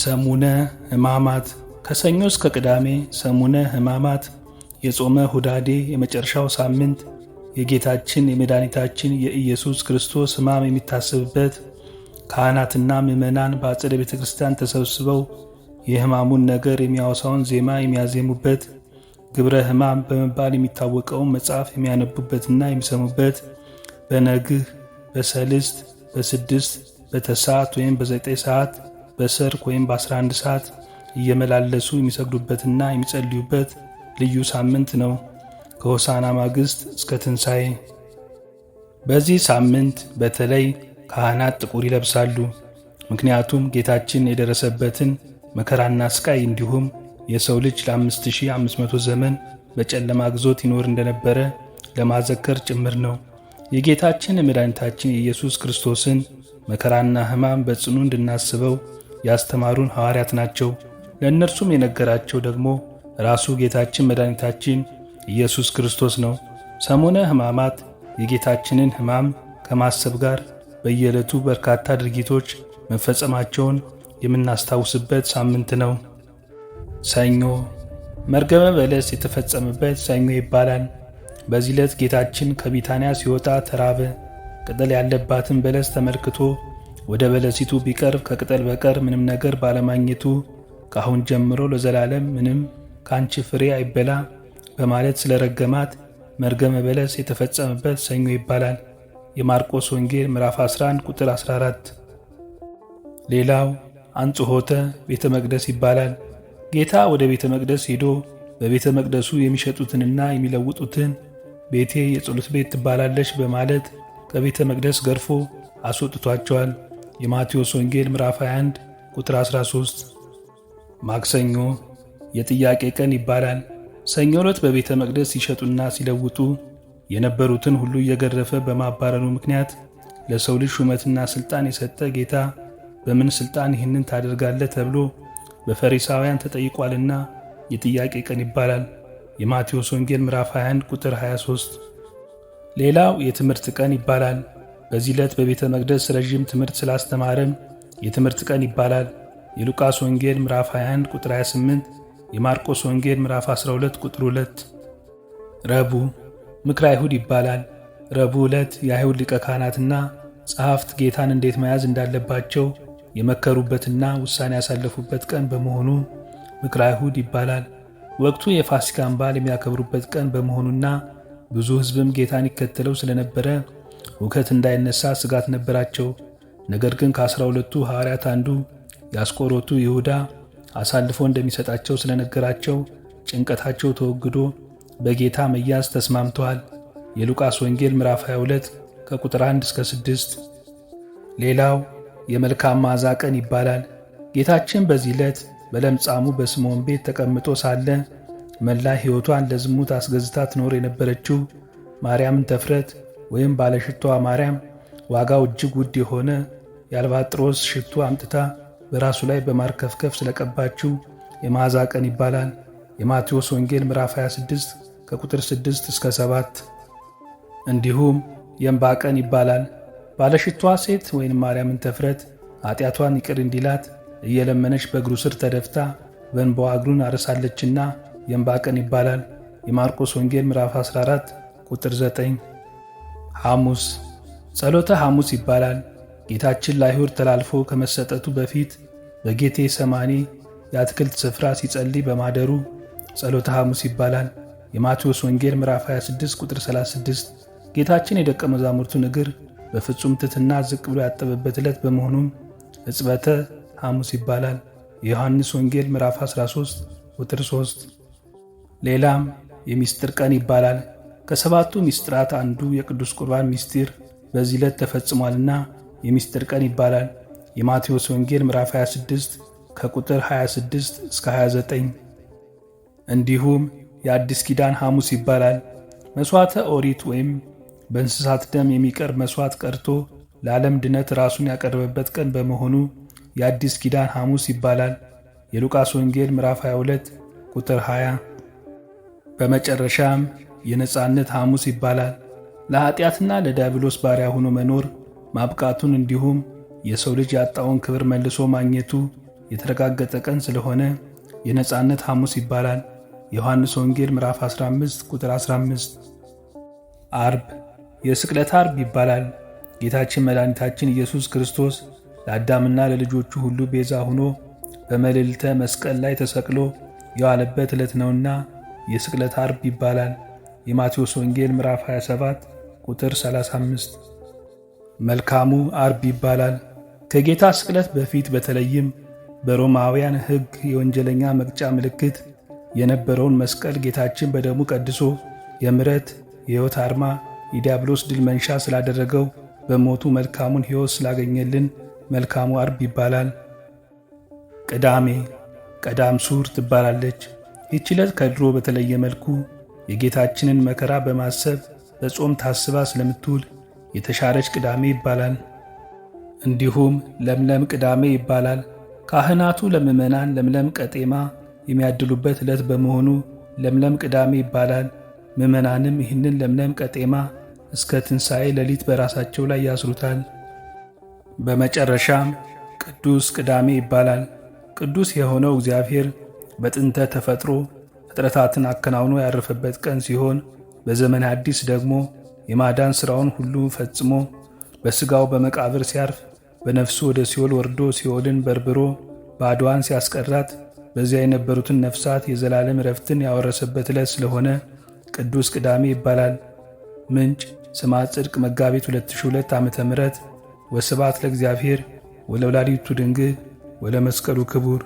ሰሙነ ሕማማት ከሰኞ እስከ ቅዳሜ ሰሙነ ሕማማት የጾመ ሁዳዴ የመጨረሻው ሳምንት የጌታችን የመድኃኒታችን የኢየሱስ ክርስቶስ ሕማም የሚታሰብበት ካህናትና ምዕመናን በአጸደ ቤተ ክርስቲያን ተሰብስበው የሕማሙን ነገር የሚያወሳውን ዜማ የሚያዜሙበት ግብረ ሕማም በመባል የሚታወቀውን መጽሐፍ የሚያነቡበትና የሚሰሙበት በነግህ በሰልስት በስድስት በተሳት ወይም በዘጠኝ ሰዓት በሰርክ ወይም በ11 ሰዓት እየመላለሱ የሚሰግዱበትና የሚጸልዩበት ልዩ ሳምንት ነው። ከሆሳና ማግስት እስከ ትንሣኤ። በዚህ ሳምንት በተለይ ካህናት ጥቁር ይለብሳሉ። ምክንያቱም ጌታችን የደረሰበትን መከራና ስቃይ እንዲሁም የሰው ልጅ ለ5500 ዘመን በጨለማ ግዞት ይኖር እንደነበረ ለማዘከር ጭምር ነው። የጌታችን የመድኃኒታችን የኢየሱስ ክርስቶስን መከራና ሕማም በጽኑ እንድናስበው ያስተማሩን ሐዋርያት ናቸው። ለእነርሱም የነገራቸው ደግሞ ራሱ ጌታችን መድኃኒታችን ኢየሱስ ክርስቶስ ነው። ሰሞነ ሕማማት የጌታችንን ሕማም ከማሰብ ጋር በየዕለቱ በርካታ ድርጊቶች መፈጸማቸውን የምናስታውስበት ሳምንት ነው። ሰኞ መርገመ በለስ የተፈጸመበት ሰኞ ይባላል። በዚህ ዕለት ጌታችን ከቢታንያ ሲወጣ ተራበ። ቅጠል ያለባትን በለስ ተመልክቶ ወደ በለሲቱ ቢቀርብ ከቅጠል በቀር ምንም ነገር ባለማግኘቱ ከአሁን ጀምሮ ለዘላለም ምንም ከአንቺ ፍሬ አይበላ በማለት ስለረገማት መርገመ በለስ የተፈጸመበት ሰኞ ይባላል። የማርቆስ ወንጌል ምዕራፍ 11 ቁጥር 14። ሌላው አንጽሖተ ቤተ መቅደስ ይባላል። ጌታ ወደ ቤተ መቅደስ ሄዶ በቤተ መቅደሱ የሚሸጡትንና የሚለውጡትን ቤቴ የጸሎት ቤት ትባላለች በማለት ከቤተ መቅደስ ገርፎ አስወጥቷቸዋል። የማቴዎስ ወንጌል ምዕራፍ 21 ቁጥር 13። ማክሰኞ የጥያቄ ቀን ይባላል። ሰኞ ዕለት በቤተ መቅደስ ሲሸጡና ሲለውጡ የነበሩትን ሁሉ እየገረፈ በማባረሩ ምክንያት ለሰው ልጅ ሹመትና ሥልጣን የሰጠ ጌታ በምን ሥልጣን ይህንን ታደርጋለህ ተብሎ በፈሪሳውያን ተጠይቋልና የጥያቄ ቀን ይባላል። የማቴዎስ ወንጌል ምዕራፍ 21 ቁጥር 23። ሌላው የትምህርት ቀን ይባላል። በዚህ ዕለት በቤተ መቅደስ ረዥም ትምህርት ስላስተማረም የትምህርት ቀን ይባላል። የሉቃስ ወንጌል ምዕራፍ 21 ቁጥር 28፣ የማርቆስ ወንጌል ምዕራፍ 12 ቁጥር 2። ረቡዕ ምክረ አይሁድ ይባላል። ረቡዕ ዕለት የአይሁድ ሊቀ ካህናትና ጸሐፍት ጌታን እንዴት መያዝ እንዳለባቸው የመከሩበትና ውሳኔ ያሳለፉበት ቀን በመሆኑ ምክረ አይሁድ ይባላል። ወቅቱ የፋሲካን በዓል የሚያከብሩበት ቀን በመሆኑና ብዙ ሕዝብም ጌታን ይከተለው ስለነበረ ሁከት እንዳይነሳ ስጋት ነበራቸው። ነገር ግን ከአስራ ሁለቱ ሐዋርያት አንዱ የአስቆሮቱ ይሁዳ አሳልፎ እንደሚሰጣቸው ስለነገራቸው ጭንቀታቸው ተወግዶ በጌታ መያዝ ተስማምተዋል። የሉቃስ ወንጌል ምዕራፍ 22 ከቁጥር 1 እስከ 6። ሌላው የመልካም መዓዛ ቀን ይባላል። ጌታችን በዚህ ዕለት በለምጻሙ በስምዖን ቤት ተቀምጦ ሳለ መላ ሕይወቷን ለዝሙት አስገዝታ ትኖር የነበረችው ማርያምን ተፍረት ወይም ባለሽቶዋ ማርያም ዋጋው እጅግ ውድ የሆነ የአልባጥሮስ ሽቱ አምጥታ በራሱ ላይ በማርከፍከፍ ስለቀባችው የመዓዛ ቀን ይባላል። የማቴዎስ ወንጌል ምዕራፍ 26 ከቁጥር 6 እስከ 7። እንዲሁም የእንባ ቀን ይባላል። ባለሽቷ ሴት ወይም ማርያምን ተፍረት ኃጢአቷን ይቅር እንዲላት እየለመነች በእግሩ ስር ተደፍታ በእንባዋ እግሩን አርሳለችና የእንባ ቀን ይባላል። የማርቆስ ወንጌል ምዕራፍ 14 ቁጥር 9 ሐሙስ ጸሎተ ሐሙስ ይባላል። ጌታችን ለአይሁድ ተላልፎ ከመሰጠቱ በፊት በጌቴ ሰማኔ የአትክልት ስፍራ ሲጸልይ በማደሩ ጸሎተ ሐሙስ ይባላል። የማቴዎስ ወንጌል ምዕራፍ 26 ቁጥር 36 ጌታችን የደቀ መዛሙርቱን እግር በፍጹም ትትና ዝቅ ብሎ ያጠበበት ዕለት በመሆኑም እጽበተ ሐሙስ ይባላል። የዮሐንስ ወንጌል ምዕራፍ 13 ቁጥር 3 ሌላም የሚስጥር ቀን ይባላል። ከሰባቱ ሚስጥራት አንዱ የቅዱስ ቁርባን ሚስጢር በዚህ ዕለት ተፈጽሟልና የሚስጢር ቀን ይባላል። የማቴዎስ ወንጌል ምዕራፍ 26 ከቁጥር 26 እስከ 29። እንዲሁም የአዲስ ኪዳን ሐሙስ ይባላል። መሥዋዕተ ኦሪት ወይም በእንስሳት ደም የሚቀርብ መሥዋዕት ቀርቶ ለዓለም ድነት ራሱን ያቀረበበት ቀን በመሆኑ የአዲስ ኪዳን ሐሙስ ይባላል። የሉቃስ ወንጌል ምዕራፍ 22 ቁጥር 20። በመጨረሻም የነፃነት ሐሙስ ይባላል። ለኀጢአትና ለዲያብሎስ ባሪያ ሆኖ መኖር ማብቃቱን እንዲሁም የሰው ልጅ ያጣውን ክብር መልሶ ማግኘቱ የተረጋገጠ ቀን ስለሆነ የነፃነት ሐሙስ ይባላል። ዮሐንስ ወንጌል ምዕራፍ 15 ቁጥር 15። አርብ የስቅለት አርብ ይባላል። ጌታችን መድኃኒታችን ኢየሱስ ክርስቶስ ለአዳምና ለልጆቹ ሁሉ ቤዛ ሆኖ በመልዕልተ መስቀል ላይ ተሰቅሎ የዋለበት ዕለት ነውና የስቅለት አርብ ይባላል። የማቴዎስ ወንጌል ምዕራፍ 27 ቁጥር 35። መልካሙ አርብ ይባላል። ከጌታ ስቅለት በፊት በተለይም በሮማውያን ሕግ የወንጀለኛ መቅጫ ምልክት የነበረውን መስቀል ጌታችን በደሙ ቀድሶ የምረት የሕይወት አርማ የዲያብሎስ ድል መንሻ ስላደረገው በሞቱ መልካሙን ሕይወት ስላገኘልን መልካሙ አርብ ይባላል። ቅዳሜ ቀዳም ሱር ትባላለች። ይህች ዕለት ከድሮ በተለየ መልኩ የጌታችንን መከራ በማሰብ በጾም ታስባ ስለምትውል የተሻረች ቅዳሜ ይባላል። እንዲሁም ለምለም ቅዳሜ ይባላል። ካህናቱ ለምዕመናን ለምለም ቀጤማ የሚያድሉበት ዕለት በመሆኑ ለምለም ቅዳሜ ይባላል። ምእመናንም ይህንን ለምለም ቀጤማ እስከ ትንሣኤ ሌሊት በራሳቸው ላይ ያስሩታል። በመጨረሻም ቅዱስ ቅዳሜ ይባላል። ቅዱስ የሆነው እግዚአብሔር በጥንተ ተፈጥሮ ጥረታትን አከናውኖ ያረፈበት ቀን ሲሆን በዘመነ አዲስ ደግሞ የማዳን ሥራውን ሁሉ ፈጽሞ በሥጋው በመቃብር ሲያርፍ በነፍሱ ወደ ሲኦል ወርዶ ሲኦልን በርብሮ ባዶዋን ሲያስቀራት በዚያ የነበሩትን ነፍሳት የዘላለም ረፍትን ያወረሰበት ዕለት ስለሆነ ቅዱስ ቅዳሜ ይባላል። ምንጭ ስማ ጽድቅ መጋቢት 2002 ዓ ም ወስብሐት ለእግዚአብሔር ወለወላዲቱ ድንግል ወለመስቀሉ ክቡር